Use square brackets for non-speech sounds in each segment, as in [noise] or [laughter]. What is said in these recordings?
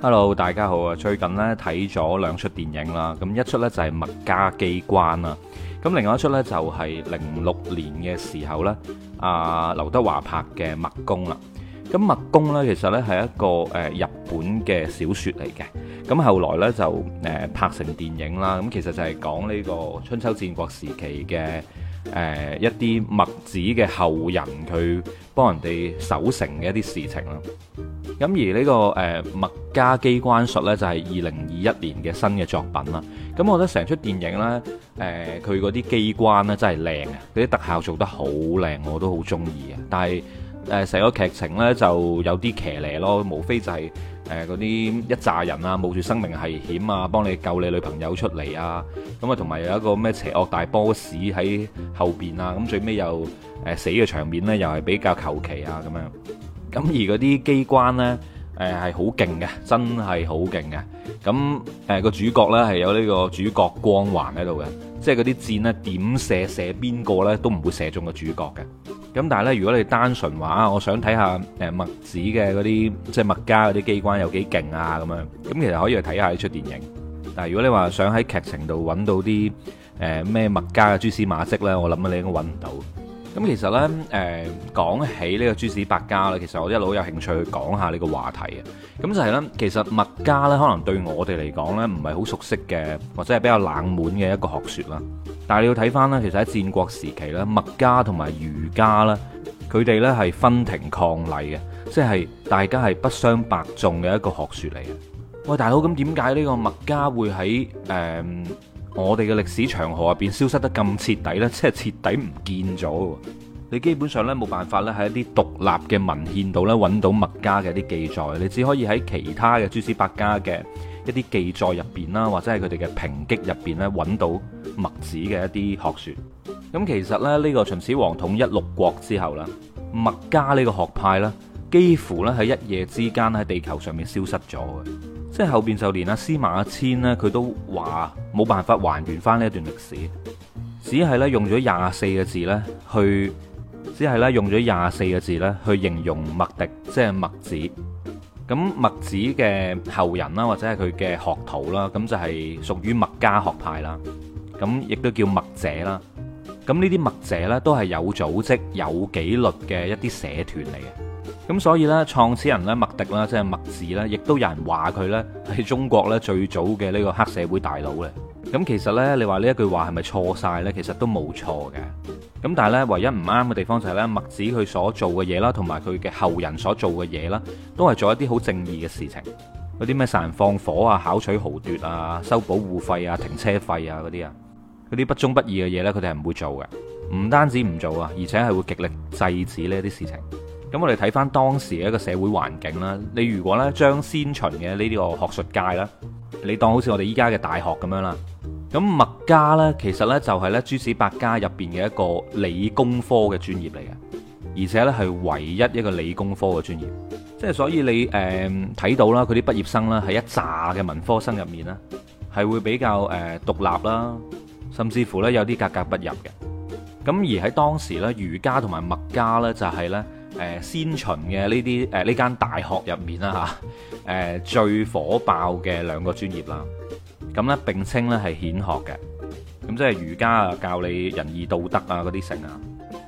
Hello，大家好啊！最近呢睇咗兩齣電影啦，咁一齣呢就係《墨家機關》啦，咁另外一齣呢就係零六年嘅時候呢，阿、啊、劉德華拍嘅《墨攻》啦。咁《墨攻》呢其實呢係一個誒、呃、日本嘅小說嚟嘅，咁後來呢就誒、呃、拍成電影啦。咁其實就係講呢個春秋戰國時期嘅。誒、呃、一啲墨子嘅後人，佢幫人哋守城嘅一啲事情啦。咁、嗯、而呢、呢個誒墨、呃、家機關術呢，就係二零二一年嘅新嘅作品啦。咁、嗯、我覺得成出電影呢，誒佢嗰啲機關咧真係靚嘅，啲特效做得好靚，我都好中意嘅。但係誒成個劇情呢，就有啲騎呢咯，無非就係、是。誒嗰啲一紮人啊，冒住生命危險啊，幫你救你女朋友出嚟啊！咁啊，同埋有一個咩邪惡大 boss 喺後邊啊！咁最尾又誒死嘅場面呢，又係比較求其啊咁樣。咁而嗰啲機關呢，誒係好勁嘅，真係好勁嘅。咁誒個主角呢，係有呢個主角光環喺度嘅，即係嗰啲箭呢點射射邊個呢都唔會射中個主角嘅。咁但係咧，如果你單純話，我想睇下誒墨子嘅嗰啲即係墨家嗰啲機關有幾勁啊咁樣，咁其實可以去睇下呢出電影。但係如果你話想喺劇情度揾到啲誒咩墨家嘅蛛絲馬跡呢，我諗你應該揾唔到。咁其實呢，誒講起呢個諸子百家啦，其實我一路有興趣去講下呢個話題嘅。咁就係呢，其實墨家呢，可能對我哋嚟講呢，唔係好熟悉嘅，或者係比較冷門嘅一個學説啦。但係你要睇翻呢，其實喺戰國時期呢，墨家同埋儒家呢，佢哋呢係分庭抗禮嘅，即係大家係不相伯仲嘅一個學説嚟嘅。喂，大佬，咁點解呢個墨家會喺誒，嗯我哋嘅歷史長河入邊消失得咁徹底呢，即係徹底唔見咗。你基本上咧冇辦法咧喺一啲獨立嘅文獻度揾到墨家嘅一啲記載，你只可以喺其他嘅諸子百家嘅一啲記載入邊啦，或者係佢哋嘅評擊入邊揾到墨子嘅一啲學説。咁其實咧呢個秦始皇統一六國之後啦，墨家呢個學派咧。幾乎咧喺一夜之間喺地球上面消失咗嘅，即係後邊就連阿司馬遷咧，佢都話冇辦法還原返呢一段歷史，只係咧用咗廿四個字咧去，只係咧用咗廿四個字咧去形容墨翟，即係墨子。咁墨子嘅後人啦，或者係佢嘅學徒啦，咁就係屬於墨家學派啦。咁亦都叫墨者啦。咁呢啲墨者呢，都係有組織、有紀律嘅一啲社團嚟嘅。咁所以呢，創始人呢，墨翟啦，即係墨子呢，亦都有人話佢呢係中國呢最早嘅呢個黑社會大佬呢。咁其實呢，你話呢一句話係咪錯晒呢？其實都冇錯嘅。咁但係呢，唯一唔啱嘅地方就係呢，墨子佢所做嘅嘢啦，同埋佢嘅後人所做嘅嘢啦，都係做一啲好正義嘅事情。嗰啲咩殺人放火啊、巧取豪奪啊、收保護費啊、停車費啊嗰啲啊，嗰啲不忠不義嘅嘢呢，佢哋係唔會做嘅。唔單止唔做啊，而且係會極力制止呢一啲事情。咁我哋睇翻當時嘅一個社會環境啦，你如果呢將先秦嘅呢啲個學術界啦，你當好似我哋依家嘅大學咁樣啦，咁墨家呢，其實呢就係呢諸子百家入面嘅一個理工科嘅專業嚟嘅，而且呢係唯一一個理工科嘅專業，即係所以你誒睇到啦，佢啲畢業生啦喺一紮嘅文科生入面啦，係會比較誒獨立啦，甚至乎呢有啲格格不入嘅。咁而喺當時呢，儒家同埋墨家呢，就係呢。誒、呃、先秦嘅呢啲誒呢間大學入面啦嚇，誒、啊呃、最火爆嘅兩個專業啦，咁、啊、咧並稱咧係顯學嘅，咁、啊、即係儒家啊教你仁義道德啊嗰啲成啊，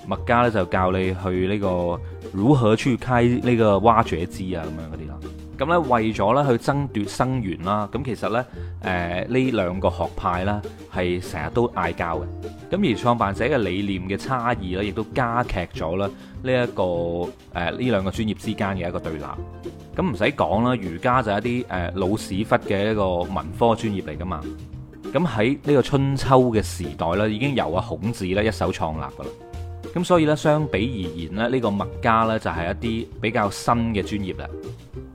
墨家咧就教你去呢、這個如何去開呢個挖掘機啊咁樣嗰啲啦。咁咧，為咗咧去爭奪生源啦，咁其實咧，誒呢兩個學派咧係成日都嗌交嘅。咁而創辦者嘅理念嘅差異咧，亦都加劇咗咧呢一個誒呢兩個專業之間嘅一個對立。咁唔使講啦，儒家就係一啲誒老屎忽嘅一個文科專業嚟噶嘛。咁喺呢個春秋嘅時代咧，已經由阿孔子咧一手創立噶啦。咁所以咧，相比而言咧，呢個墨家咧就係一啲比較新嘅專業啦。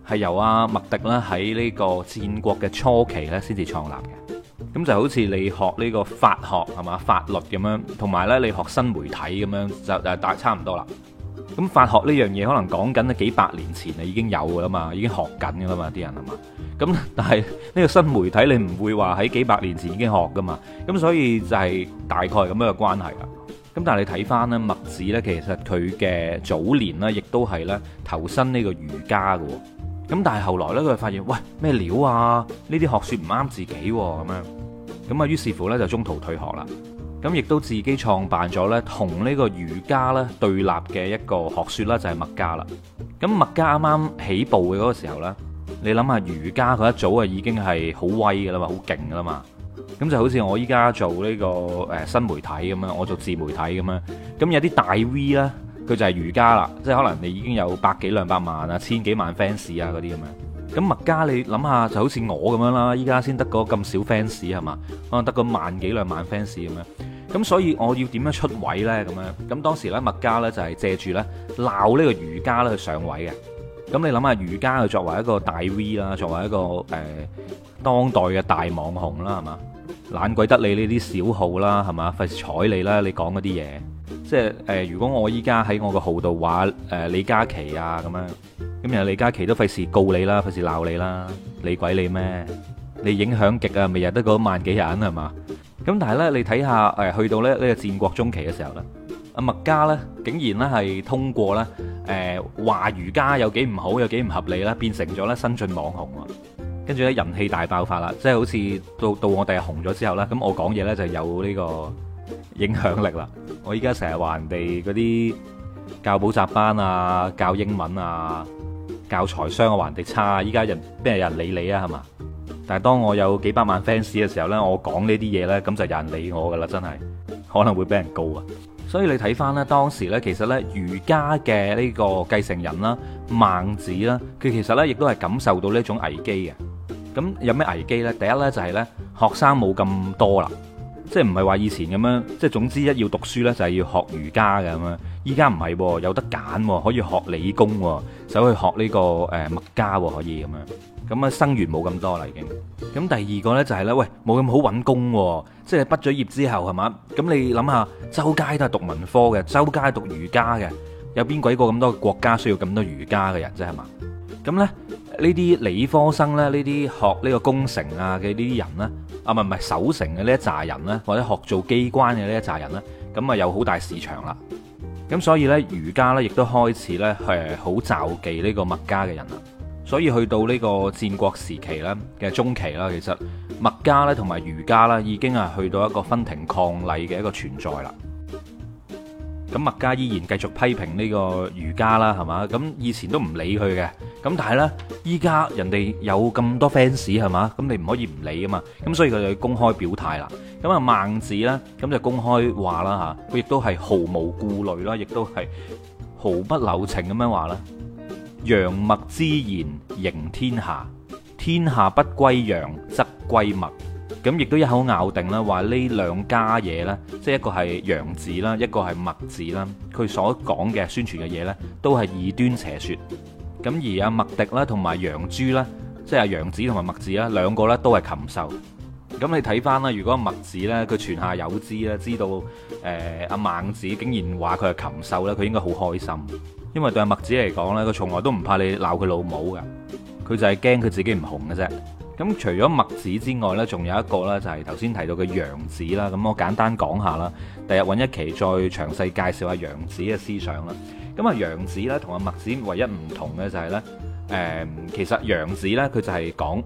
係由啊墨翟咧喺呢個戰國嘅初期咧先至創立嘅，咁就好似你學呢個法學係嘛，法律咁樣，同埋咧你學新媒體咁樣就誒大差唔多啦。咁法學呢樣嘢可能講緊咧幾百年前啊已經有㗎啦嘛，已經學緊㗎啦嘛啲人係嘛。咁但係呢個新媒體你唔會話喺幾百年前已經學㗎嘛。咁所以就係大概咁樣嘅關係啦。咁但係你睇翻咧墨子咧，其實佢嘅早年呢，亦都係咧投身呢個儒家㗎。咁但係後來呢，佢發現喂咩料啊？呢啲學說唔啱自己喎，咁樣咁啊，於是乎呢，就中途退學啦。咁亦都自己創辦咗呢，同呢個儒家呢對立嘅一個學說啦，就係墨家啦。咁墨家啱啱起步嘅嗰個時候呢，你諗下儒家佢一早啊已經係好威嘅啦嘛，好勁嘅啦嘛。咁就好似我依家做呢個誒新媒體咁樣，我做自媒體咁樣，咁有啲大 V 啦。佢就係瑜伽啦，即係可能你已經有百幾兩百萬啊、千幾萬 fans 啊嗰啲咁樣。咁麥家你諗下就好似我咁樣啦，依家先得個咁少 fans 係嘛，可能得個萬幾兩萬 fans 咁樣。咁所以我要點樣出位呢？咁樣？咁當時呢，麥家呢就係借住呢鬧呢個瑜伽咧去上位嘅。咁你諗下瑜伽佢作為一個大 V 啦，作為一個誒、呃、當代嘅大網紅啦係嘛，懶鬼得你呢啲小號啦係嘛，費事睬你啦，你講嗰啲嘢。即係誒、呃，如果我依、呃、家喺我個號度話誒，李嘉琪啊咁樣，咁又李嘉琪都費事告你啦，費事鬧你啦，理鬼你咩？你影響極啊，咪日得嗰萬幾人係嘛？咁但係呢，你睇下誒，去到呢呢、這個戰國中期嘅時候、啊、麥呢，阿墨家呢竟然呢係通過呢誒、呃、話儒家有幾唔好，有幾唔合理啦，變成咗呢新晉網紅，跟住呢，人氣大爆發啦，即係好似到到我哋紅咗之後呢，咁我講嘢呢就有呢、這個。影響力啦！我依家成日話人哋嗰啲教補習班啊、教英文啊、教財商啊，人哋差，依家人邊有人理你啊？係嘛？但係當我有幾百萬 fans 嘅時候呢，我講呢啲嘢呢，咁就有人理我噶啦，真係可能會俾人告啊！所以你睇翻呢，當時呢，其實呢，儒家嘅呢個繼承人啦，孟子啦，佢其實呢亦都係感受到呢種危機嘅。咁有咩危機呢？第一呢，就係呢學生冇咁多啦。即係唔係話以前咁樣？即係總之一要讀書呢，就係要學儒家嘅咁樣。依家唔係喎，有得揀喎，可以學理工，走去學呢個誒墨家可以咁樣。咁啊生源冇咁多啦已經。咁第二個呢，就係呢：「喂，冇咁好揾工喎。即係畢咗業之後係嘛？咁你諗下，周街都係讀文科嘅，周街讀儒家嘅，有邊鬼個咁多國家需要咁多儒家嘅人啫係嘛？咁呢。呢啲理科生咧，呢啲學呢個工程啊嘅呢啲人呢，啊唔係唔係守城嘅呢一紮人呢，或者學做機關嘅呢一紮人呢，咁啊有好大市場啦。咁所以呢，儒家呢亦都開始呢係好仇忌呢個墨家嘅人啦。所以去到呢個戰國時期呢嘅中期啦，其實墨家呢同埋儒家呢已經係去到一個分庭抗禮嘅一個存在啦。咁墨家依然繼續批評呢個儒家啦，係嘛？咁以前都唔理佢嘅。咁但係呢，依家人哋有咁多 fans 係嘛？咁你唔可以唔理啊嘛！咁所以佢就公開表態啦。咁啊孟子呢，咁就公開話啦嚇，佢亦都係毫無顧慮啦，亦都係毫不留情咁樣話啦。楊墨之言，迎天下；天下不歸楊，則歸墨。咁亦都一口咬定啦，話呢兩家嘢呢，即係一個係楊子啦，一個係墨子啦，佢所講嘅宣傳嘅嘢呢，都係異端邪説。咁而阿墨翟啦，同埋楊朱啦，即係楊子同埋墨子啦，兩個咧都係禽獸。咁你睇翻啦，如果墨子咧，佢泉下有知咧，知道誒阿、呃、孟子竟然話佢係禽獸咧，佢應該好開心，因為對阿墨子嚟講咧，佢從來都唔怕你鬧佢老母噶。佢就係驚佢自己唔紅嘅啫。咁除咗墨子之外呢，仲有一個呢，就係頭先提到嘅楊子啦。咁我簡單講下啦，第日揾一期再詳細介紹下楊子嘅思想啦。咁啊，楊子呢同阿墨子唯一唔同嘅就係呢，誒，其實楊子呢，佢就係講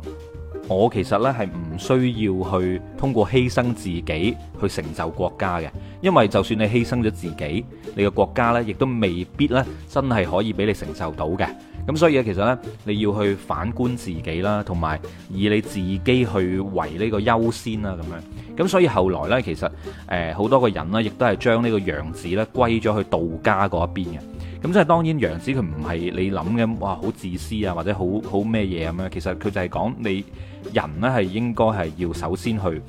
我其實呢係唔需要去通過犧牲自己去成就國家嘅，因為就算你犧牲咗自己，你個國家呢亦都未必呢真係可以俾你承受到嘅。咁所以其實呢，你要去反觀自己啦，同埋以你自己去為呢個優先啦，咁樣。咁所以後來呢，其實誒好、呃、多個人呢，亦都係將呢個楊子呢歸咗去道家嗰一邊嘅。咁即係當然，楊子佢唔係你諗嘅，哇！好自私啊，或者好好咩嘢咁樣。其實佢就係講你人呢係應該係要首先去誒、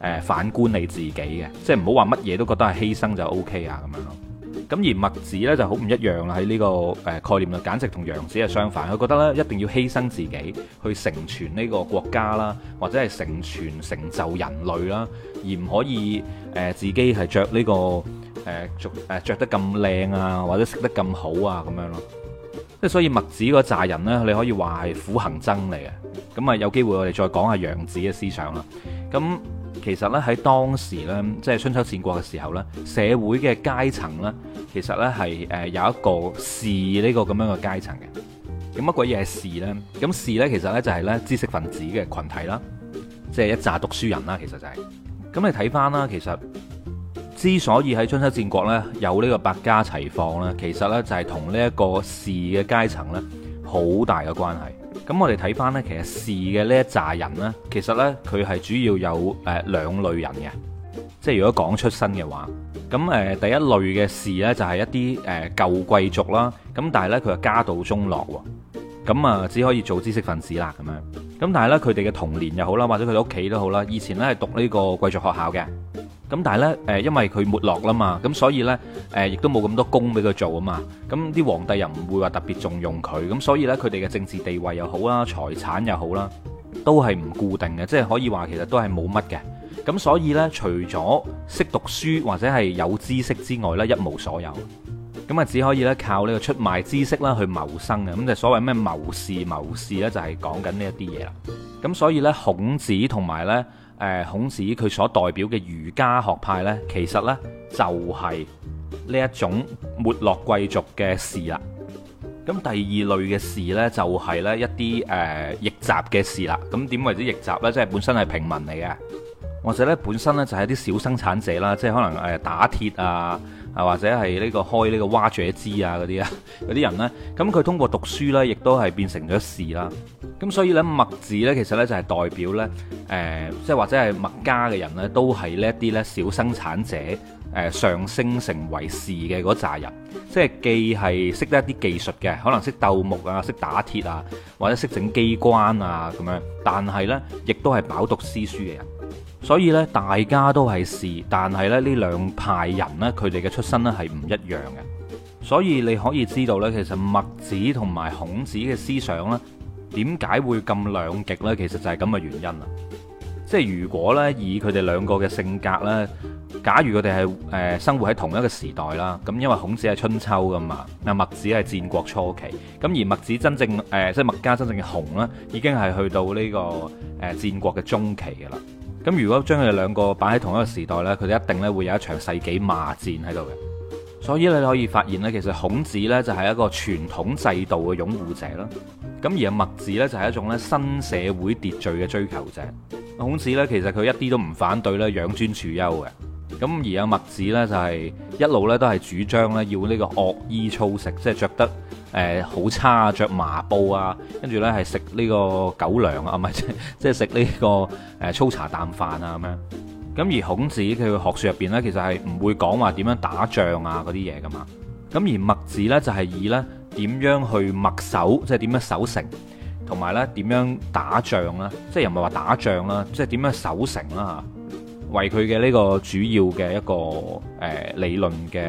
呃、反觀你自己嘅，即係唔好話乜嘢都覺得係犧牲就 OK 啊咁樣囉。咁而墨子咧就好唔一樣啦，喺呢個概念啦，簡直同楊子係相反。佢覺得咧一定要犧牲自己去成全呢個國家啦，或者係成全成就人類啦，而唔可以自己係著呢個誒著得咁靚啊，或者食得咁好啊咁樣咯。即係所以墨子嗰啲人呢，你可以話係苦行僧嚟嘅。咁啊，有機會我哋再講下楊子嘅思想啦。咁。其實咧喺當時咧，即係春秋戰國嘅時候咧，社會嘅階層咧，其實咧係誒有一個士呢個咁樣嘅階層嘅。咁乜鬼嘢係士咧？咁士咧其實咧就係咧知識分子嘅群體啦，即係一紮讀書人啦。其實就係咁，你睇翻啦，其實之所以喺春秋戰國咧有呢個百家齊放啦，其實咧就係同呢一個士嘅階層咧好大嘅關係，咁我哋睇翻呢，其實士嘅呢一紮人呢，其實呢，佢係主要有誒、呃、兩類人嘅，即係如果講出身嘅話，咁、呃、第一類嘅士呢，就係一啲舊貴族啦，咁但係呢，佢係家道中落喎，咁啊只可以做知識分子啦咁樣，咁但係呢，佢哋嘅童年又好啦，或者佢哋屋企都好啦，以前呢，係讀呢個貴族學校嘅。咁但係咧，誒，因為佢沒落啦嘛，咁所以咧，誒，亦都冇咁多工俾佢做啊嘛，咁啲皇帝又唔會話特別重用佢，咁所以咧，佢哋嘅政治地位又好啦，財產又好啦，都係唔固定嘅，即係可以話其實都係冇乜嘅。咁所以咧，除咗識讀書或者係有知識之外咧，一無所有。咁啊，只可以咧靠呢個出賣知識啦去謀生嘅，咁就所謂咩謀士，謀士咧，就係講緊呢一啲嘢啦。咁所以咧，孔子同埋咧。誒，孔子佢所代表嘅儒家學派呢，其實呢就係呢一種沒落貴族嘅事啦。咁第二類嘅事呢，就係呢一啲誒，逆襲嘅事啦。咁點為之逆襲呢？即係本身係平民嚟嘅，或者呢本身呢，就係啲小生產者啦，即係可能誒，打鐵啊。啊，或者係呢個開呢個挖井之啊嗰啲啊嗰啲人呢，咁佢通過讀書呢，亦都係變成咗士啦。咁所以呢，墨子呢，其實呢就係、是、代表呢，誒、呃，即係或者係墨家嘅人呢，都係呢一啲呢小生產者，誒、呃、上升成為士嘅嗰陣人，即係既係識得一啲技術嘅，可能識鬥木啊，識打鐵啊，或者識整機關啊咁樣，但係呢，亦都係飽讀詩書嘅人。所以咧，大家都係事，但係咧呢兩派人咧，佢哋嘅出身咧係唔一樣嘅。所以你可以知道咧，其實墨子同埋孔子嘅思想咧，點解會咁兩極呢？其實就係咁嘅原因啦。即係如果咧以佢哋兩個嘅性格咧，假如佢哋係誒生活喺同一個時代啦，咁因為孔子係春秋噶嘛，啊墨子係戰國初期。咁而墨子真正誒即係墨家真正嘅紅呢，已經係去到呢個誒戰國嘅中期噶啦。咁如果將佢哋兩個擺喺同一個時代呢，佢哋一定呢會有一場世紀罵戰喺度嘅。所以你可以發現呢，其實孔子呢就係一個傳統制度嘅擁護者啦。咁而阿墨子呢就係一種新社會秩序嘅追求者。孔子呢其實佢一啲都唔反對呢養尊處優嘅。咁而阿墨子呢就係一路呢都係主張呢要呢個惡衣粗食，即係着得。誒、呃、好差啊，著麻布啊，跟住呢係食呢個狗糧啊，唔係即係食呢個誒、呃、粗茶淡飯啊咁樣。咁而孔子佢嘅學說入邊呢，其實係唔會講話點樣打仗啊嗰啲嘢噶嘛。咁而墨子呢，就係、是、以呢點樣去墨守，即係點樣守城，同埋呢點樣打仗啦，即係又唔係話打仗啦，即係點樣守城啦嚇，為佢嘅呢個主要嘅一個誒、呃、理論嘅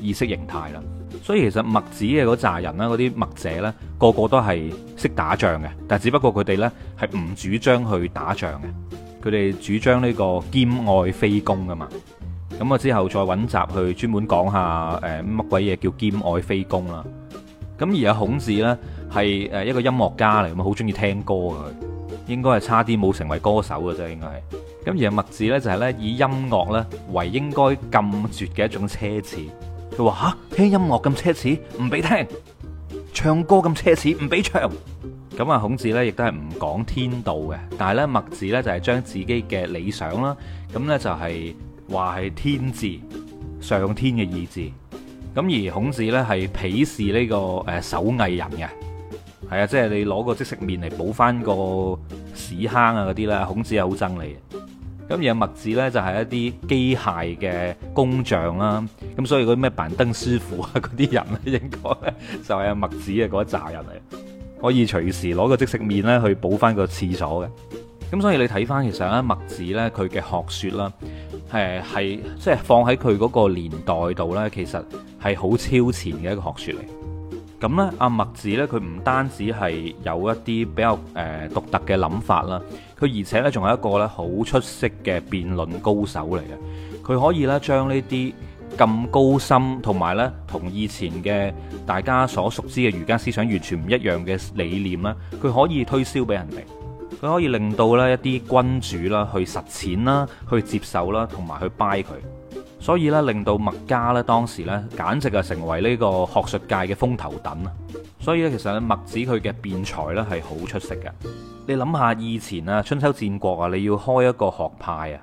意識形態啦。所以其實墨子嘅嗰扎人啦，嗰啲墨者咧，個個都係識打仗嘅，但係只不過佢哋咧係唔主張去打仗嘅，佢哋主張呢個兼愛非攻噶嘛。咁我之後再揾集去專門講下誒乜鬼嘢叫兼愛非攻啦。咁而家孔子咧係誒一個音樂家嚟嘅嘛，好中意聽歌嘅佢，應該係差啲冇成為歌手嘅啫，應該係。咁而阿墨子咧就係咧以音樂咧為應該禁絕嘅一種奢侈。話吓、啊、聽音樂咁奢侈唔俾聽，唱歌咁奢侈唔俾唱。咁啊，孔子咧亦都係唔講天道嘅，但係咧墨子咧就係將自己嘅理想啦，咁咧就係話係天志，上天嘅意志。咁而孔子咧係鄙視呢個誒手藝人嘅，係啊，即係你攞個即食麵嚟補翻個屎坑啊嗰啲啦，孔子係好憎你。咁而阿墨子呢，就係、是、一啲機械嘅工匠啦，咁所以嗰啲咩板凳師傅啊，嗰啲人呢，應該呢，就係阿墨子嘅嗰一紮人嚟，可以隨時攞個即食麵呢去補翻個廁所嘅。咁所以你睇翻其實呢墨子呢，佢嘅學說啦，係係即係放喺佢嗰個年代度呢，其實係好超前嘅一個學說嚟。咁呢，阿墨子呢，佢唔單止係有一啲比較誒獨、呃、特嘅諗法啦。佢而且咧仲係一個咧好出色嘅辯論高手嚟嘅，佢可以咧將呢啲咁高深同埋咧同以前嘅大家所熟知嘅儒家思想完全唔一樣嘅理念咧，佢可以推銷俾人哋，佢可以令到呢一啲君主啦去實踐啦，去接受啦，同埋去掰佢，所以呢，令到墨家咧當時咧簡直係成為呢個學術界嘅風頭躉啊！所以咧，其實咧，墨子佢嘅辯才咧係好出色嘅。你諗下以前啊，春秋戰國啊，你要開一個學派啊，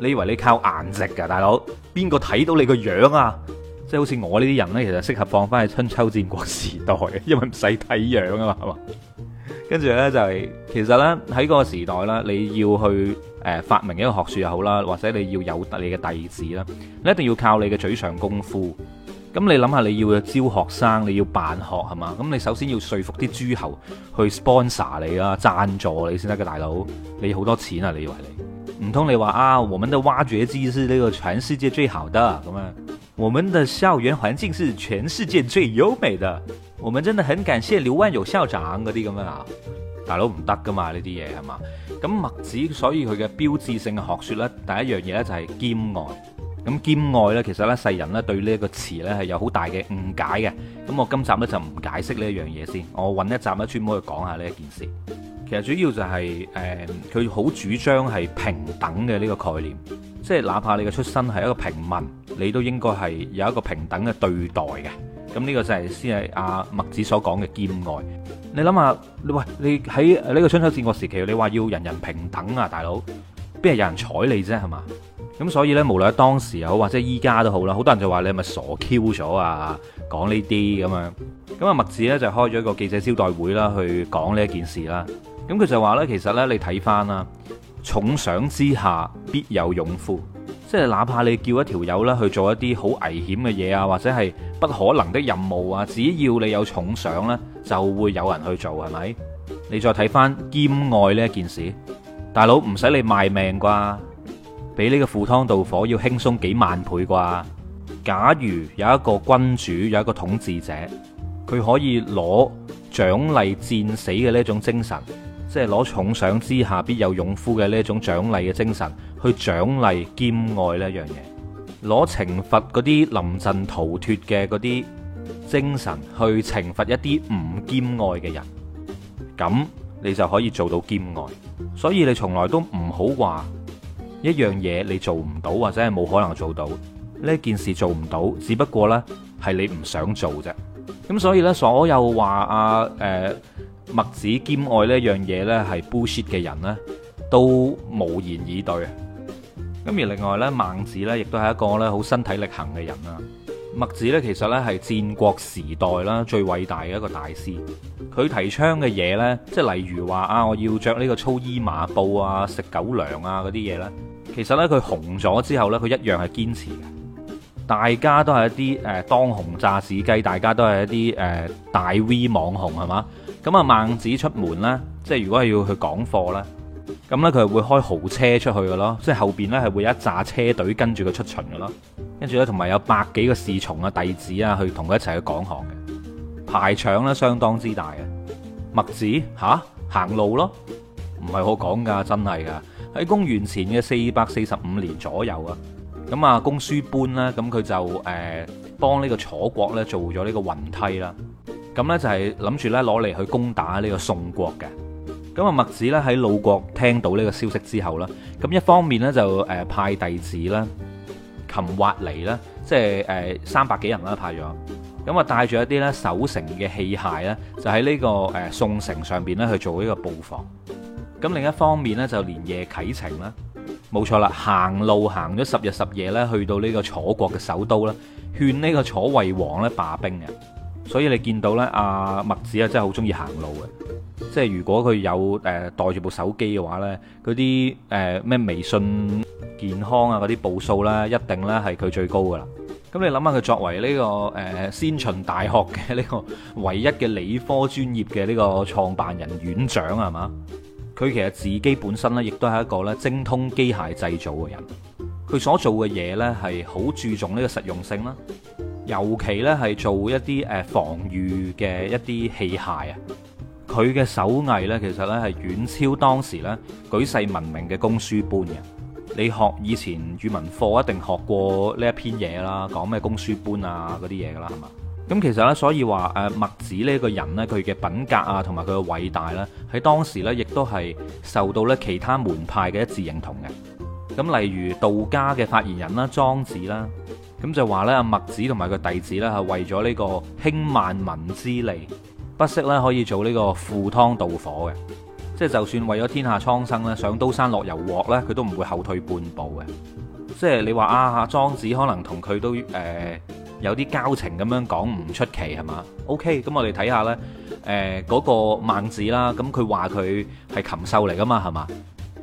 你以為你靠顏值噶，大佬邊個睇到你個樣啊？即係好似我呢啲人呢，其實適合放翻喺春秋戰國時代，因為唔使睇樣啊嘛。係嘛。跟住呢，就係其實呢，喺個時代啦，你要去誒發明一個學術又好啦，或者你要有你嘅弟子啦，你一定要靠你嘅嘴上功夫。咁你諗下，你要招學生，你要辦學，係嘛？咁你首先要說服啲諸侯去 sponsor 你啦、啊，贊助你先得嘅，大佬。你好多錢啊，你以為你？唔通你話啊，我們的挖掘機是呢個全世界最好的咁啊？我們的校園環境是全世界最優美的。我們真的很感謝劉萬有校長嗰啲咁啊！大佬唔得噶嘛呢啲嘢係嘛？咁墨子所以佢嘅標誌性嘅學說呢，第一樣嘢呢就係兼愛。咁兼愛呢，其實呢世人呢對呢一個詞呢係有好大嘅誤解嘅。咁我今集呢，就唔解釋呢一樣嘢先，我揾一集呢專門去講下呢一件事。其實主要就係誒，佢好主張係平等嘅呢個概念，即係哪怕你嘅出身係一個平民，你都應該係有一個平等嘅對待嘅。咁呢個就係先係阿墨子所講嘅兼愛。你諗下，喂，你喺呢個春秋戰國時期，你話要人人平等啊，大佬，邊係有人睬你啫，係嘛？咁所以呢，無論喺當時又好，或者依家都好啦，好多人就話你係咪傻 Q 咗啊？講呢啲咁樣，咁啊麥子呢，就開咗一個記者招待會啦，去講呢一件事啦。咁佢就話呢，其實呢，你睇翻啦，重賞之下必有勇夫，即係哪怕你叫一條友呢去做一啲好危險嘅嘢啊，或者係不可能的任務啊，只要你有重賞呢，就會有人去做，係咪？你再睇翻兼愛呢一件事，大佬唔使你賣命啩？比呢個赴湯蹈火要輕鬆幾萬倍啩？假如有一個君主，有一個統治者，佢可以攞獎勵戰死嘅呢種精神，即係攞重賞之下必有勇夫嘅呢種獎勵嘅精神去獎勵兼愛呢樣嘢，攞懲罰嗰啲臨陣逃脫嘅嗰啲精神去懲罰一啲唔兼愛嘅人，咁你就可以做到兼愛。所以你從來都唔好話。一樣嘢你做唔到或者係冇可能做到呢件事做唔到，只不過呢係你唔想做啫。咁所以呢，所有話阿誒墨子兼愛呢樣嘢呢係 bullshit 嘅人呢，都無言以對。咁而另外呢，孟子呢亦都係一個呢好身體力行嘅人啊。墨子呢其實呢係戰國時代啦，最偉大嘅一個大師，佢提倡嘅嘢呢，即係例如話啊，我要着呢個粗衣麻布啊，食狗糧啊嗰啲嘢呢。其實呢，佢紅咗之後呢，佢一樣係堅持嘅。大家都係一啲誒、呃、當紅炸子雞，大家都係一啲誒、呃、大 V 網紅係嘛？咁啊孟子出門呢，即係如果係要去講課呢，咁呢，佢係會開豪車出去嘅咯，即係後面呢，係會一揸車隊跟住佢出巡嘅咯，跟住呢，同埋有百幾個侍從啊弟子啊去同佢一齊去講學嘅，排場呢，相當之大嘅。墨子吓、啊、行路咯，唔係好講㗎，真係㗎。喺公元前嘅四百四十五年左右啊，咁啊公輸般啦，咁佢就誒幫呢個楚國咧做咗呢個雲梯啦，咁咧就係諗住咧攞嚟去攻打呢個宋國嘅。咁啊墨子咧喺魯國聽到呢個消息之後啦，咁一方面咧就誒派弟子啦、禽滑釐啦，即係誒三百幾人啦派咗，咁啊帶住一啲咧守城嘅器械咧，就喺呢個誒宋城上邊咧去做呢個布防。咁另一方面咧，就連夜啟程啦，冇錯啦，行路行咗十日十夜咧，去到呢個楚國嘅首都啦，勸呢個楚惠王咧罷兵嘅。所以你見到咧，阿墨子啊，子真係好中意行路嘅。即係如果佢有誒袋住、呃、部手機嘅話咧，嗰啲咩微信健康啊嗰啲步數呢，一定咧係佢最高噶啦。咁你諗下佢作為呢、呢個、呃、先秦大學嘅呢個唯一嘅理科專業嘅呢個創辦人院長係嘛？佢其實自己本身咧，亦都係一個咧精通機械製造嘅人。佢所做嘅嘢咧，係好注重呢個實用性啦。尤其咧係做一啲誒防禦嘅一啲器械啊，佢嘅手藝咧，其實咧係遠超當時咧舉世聞名嘅公輸般嘅。你學以前語文課一定學過呢一篇嘢啦，講咩公輸般啊嗰啲嘢㗎喇，係嘛？咁其實呢，所以話誒墨子呢個人呢，佢嘅品格啊，同埋佢嘅偉大呢，喺當時呢亦都係受到呢其他門派嘅一致認同嘅。咁例如道家嘅發言人啦，莊子啦，咁就話呢，墨子同埋佢弟子呢，係為咗呢個興萬民之利，不惜呢可以做呢個赴湯蹈火嘅，即係就算為咗天下蒼生呢，上刀山落油鑊呢，佢都唔會後退半步嘅。即係你話啊，莊子可能同佢都誒，呃有啲交情咁樣講唔出奇係嘛？OK，咁我哋睇下呢。誒嗰個孟子啦，咁佢話佢係禽獸嚟噶嘛係嘛？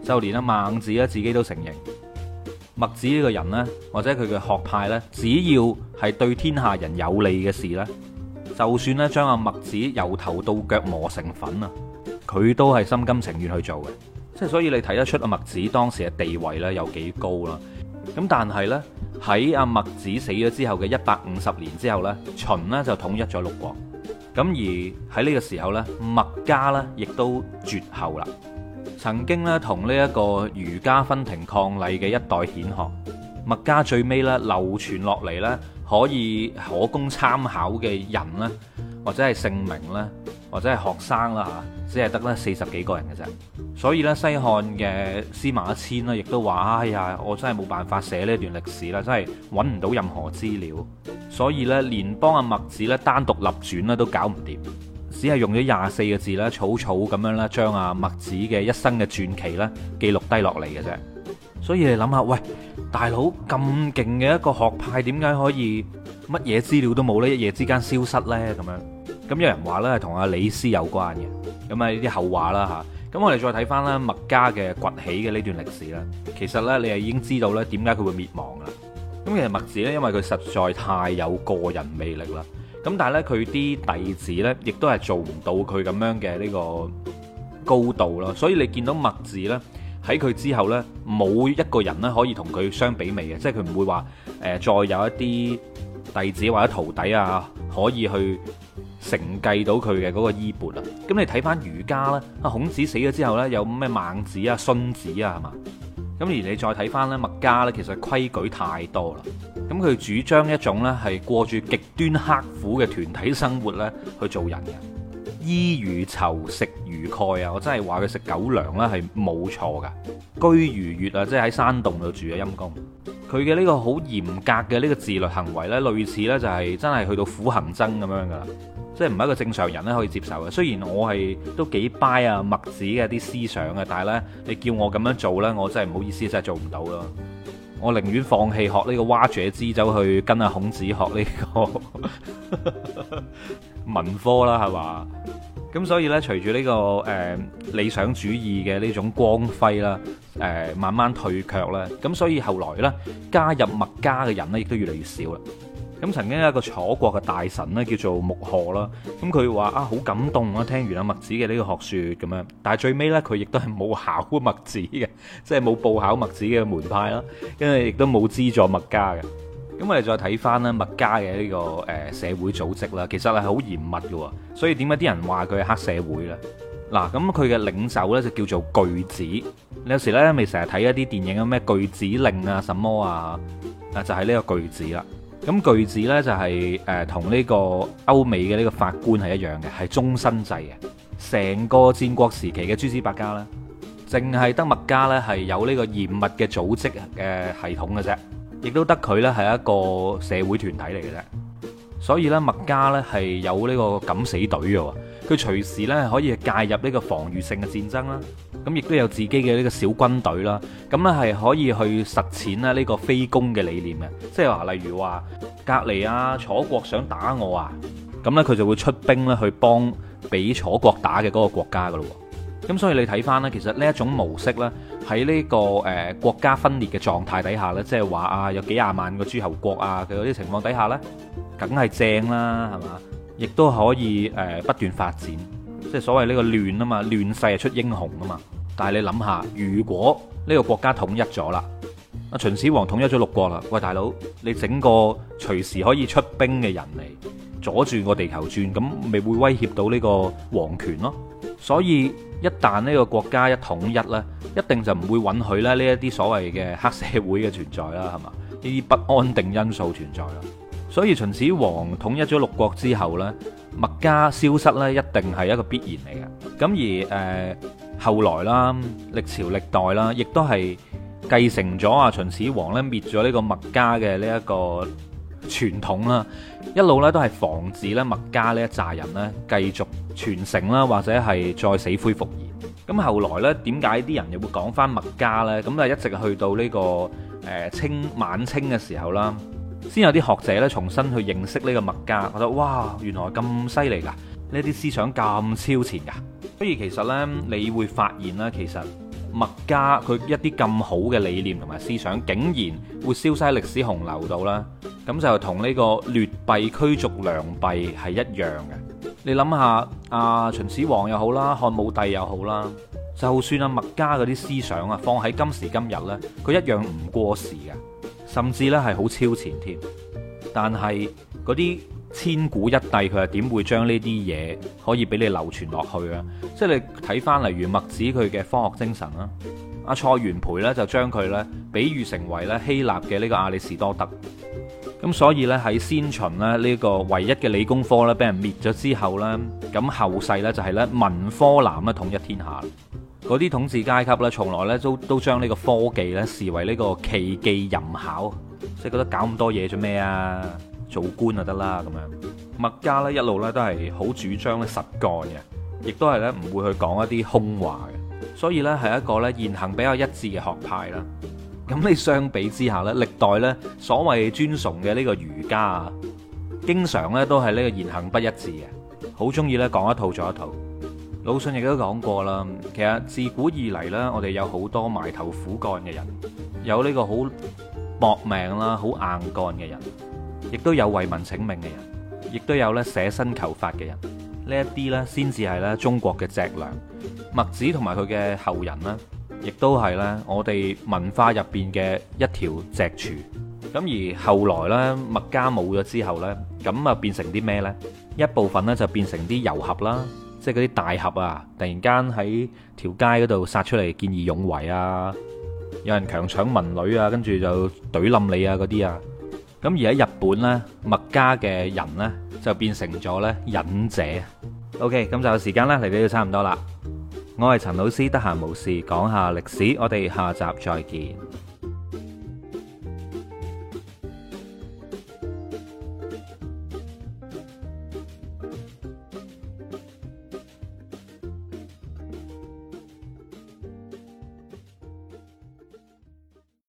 就連啊孟子咧自己都承認墨子呢個人呢，或者佢嘅學派呢，只要係對天下人有利嘅事呢，就算咧將阿墨子由頭到腳磨成粉啊，佢都係心甘情願去做嘅。即係所以你睇得出阿墨子當時嘅地位呢，有幾高啦。咁但係呢，喺阿墨子死咗之後嘅一百五十年之後呢，秦呢就統一咗六國。咁而喺呢個時候呢，墨家呢亦都絕後啦。曾經呢，同呢一個儒家分庭抗禮嘅一代顯學，墨家最尾呢，流傳落嚟呢，可以可供參考嘅人呢，或者係姓名呢。或者係學生啦嚇，只係得咧四十幾個人嘅啫。所以咧西漢嘅司馬遷咧，亦都話：哎呀，我真係冇辦法寫呢段歷史啦，真係揾唔到任何資料。所以咧連幫阿墨子咧單獨立傳咧都搞唔掂，只係用咗廿四個字咧草草咁樣咧將阿墨子嘅一生嘅傳奇咧記錄低落嚟嘅啫。所以你諗下，喂，大佬咁勁嘅一個學派，點解可以乜嘢資料都冇呢？一夜之間消失呢？咁樣？咁有人話咧，係同阿李斯有關嘅，咁啊呢啲後話啦吓。咁我哋再睇翻啦，墨家嘅崛起嘅呢段歷史啦。其實呢，你係已經知道呢點解佢會滅亡啦。咁其實墨子呢，因為佢實在太有個人魅力啦。咁但係呢，佢啲弟子呢，亦都係做唔到佢咁樣嘅呢個高度啦。所以你見到墨子呢，喺佢之後呢，冇一個人呢可以同佢相比美嘅，即係佢唔會話、呃、再有一啲弟子或者徒弟啊可以去承繼到佢嘅嗰個衣缽啊，咁你睇翻儒家啦，啊孔子死咗之後呢，有咩孟子啊、荀子啊，係嘛？咁而你再睇翻呢，墨家呢，其實規矩太多啦，咁佢主張一種呢，係過住極端刻苦嘅團體生活呢去做人嘅。衣如囚，食如丐啊！我真係話佢食狗糧啦，係冇錯噶。居如穴啊，即係喺山洞度住啊陰功。佢嘅呢個好嚴格嘅呢個自律行為呢，類似呢就係真係去到苦行僧咁樣噶啦，即係唔係一個正常人咧可以接受嘅。雖然我係都幾拜啊墨子嘅、啊、啲思想嘅，但係呢，你叫我咁樣做呢，我真係唔好意思，真係做唔到咯。我寧願放棄學呢個蛙者之走去跟阿孔子學呢、呢個。 [laughs] 文科啦，係嘛？咁所以呢，隨住呢個誒、呃、理想主義嘅呢種光輝啦，誒、呃、慢慢退卻啦。咁所以後來呢，加入墨家嘅人呢，亦都越嚟越少啦。咁曾經有一個楚國嘅大神呢，叫做穆賀啦。咁佢話啊，好感動啊，聽完阿墨子嘅呢個學説咁樣。但係最尾呢，佢亦都係冇考過墨子嘅，即係冇報考墨子嘅門派啦，因為亦都冇資助墨家嘅。咁我哋再睇翻咧墨家嘅呢個誒社會組織啦，其實係好嚴密嘅，所以點解啲人話佢係黑社會咧？嗱，咁佢嘅領袖咧就叫做巨子，你有時咧未成日睇一啲電影咩巨子令啊什麼啊，啊就係呢個巨子啦。咁巨子咧就係誒同呢個歐美嘅呢個法官係一樣嘅，係終身制嘅。成個戰國時期嘅諸子百家咧，淨係得墨家咧係有呢個嚴密嘅組織嘅系統嘅啫。亦都得佢呢係一個社會團體嚟嘅啫。所以呢，墨家呢係有呢個敢死隊嘅，佢隨時呢可以介入呢個防禦性嘅戰爭啦。咁亦都有自己嘅呢個小軍隊啦。咁呢係可以去實踐呢個非攻嘅理念嘅，即係話例如話隔籬啊，楚國想打我啊，咁呢佢就會出兵呢去幫俾楚國打嘅嗰個國家噶咯。咁所以你睇翻呢，其實呢一種模式呢，喺呢個誒國家分裂嘅狀態底下呢，即係話啊，有幾廿萬個諸侯國啊嘅嗰啲情況底下呢，梗係正啦，係嘛？亦都可以誒不斷發展，即係所謂呢個亂啊嘛，亂世出英雄啊嘛。但係你諗下，如果呢個國家統一咗啦，啊秦始皇統一咗六國啦，喂大佬，你整個隨時可以出兵嘅人嚟，阻住個地球轉，咁咪會威脅到呢個皇權咯？所以一旦呢個國家一統一呢，一定就唔會允許咧，呢一啲所謂嘅黑社會嘅存在啦，係嘛？呢啲不安定因素存在啦。所以秦始皇統一咗六國之後呢，墨家消失呢一定係一個必然嚟嘅。咁而誒、呃、後來啦，歷朝歷代啦，亦都係繼承咗啊秦始皇咧，滅咗呢個墨家嘅呢一個傳統啦。一路咧都係防止咧墨家呢一紮人咧繼續傳承啦，或者係再死灰復燃。咁後來咧，點解啲人又會講返墨家呢？咁啊一直去到呢、這個誒、呃、清晚清嘅時候啦，先有啲學者咧重新去認識呢個墨家，覺得哇原來咁犀利㗎，呢啲思想咁超前㗎。不如其實呢，你會發現啦，其實。墨家佢一啲咁好嘅理念同埋思想，竟然會消失喺歷史洪流度啦。咁就同呢個劣幣驅逐良幣係一樣嘅。你諗下，阿、啊、秦始皇又好啦，漢武帝又好啦，就算阿墨家嗰啲思想啊，放喺今時今日呢，佢一樣唔過時嘅，甚至呢係好超前添。但係嗰啲。千古一帝佢係點會將呢啲嘢可以俾你流傳落去啊？即係你睇返例如墨子佢嘅科學精神啦，阿蔡元培咧就將佢咧比喻成為咧希臘嘅呢個阿里士多德。咁所以咧喺先秦咧呢個唯一嘅理工科咧俾人滅咗之後咧，咁後世咧就係咧文科男咧統一天下。嗰啲統治階級咧從來咧都都將呢個科技咧視為呢個奇技淫巧，即係覺得搞咁多嘢做咩啊？做官就得啦咁樣，墨家咧一路咧都係好主張咧實幹嘅，亦都係咧唔會去講一啲空話嘅，所以咧係一個咧言行比較一致嘅學派啦。咁你相比之下咧，歷代咧所謂尊崇嘅呢個儒家啊，經常咧都係呢個言行不一致嘅，好中意咧講一套做一套。魯迅亦都講過啦，其實自古以嚟咧，我哋有好多埋頭苦幹嘅人，有呢個好搏命啦，好硬幹嘅人。亦都有為民請命嘅人，亦都有咧捨身求法嘅人，呢一啲咧先至係咧中國嘅脊樑。墨子同埋佢嘅後人啦，亦都係咧我哋文化入邊嘅一條脊柱。咁而後來咧墨家冇咗之後咧，咁啊變成啲咩咧？一部分咧就變成啲游俠啦，即係嗰啲大俠啊，突然間喺條街嗰度殺出嚟見義勇為啊，有人強搶民女啊，跟住就懟冧你啊嗰啲啊。咁而喺日本呢，墨家嘅人呢，就變成咗呢忍者。OK，咁就有時間啦，嚟到差唔多啦。我係陳老師，得閒無事講下歷史，我哋下集再見。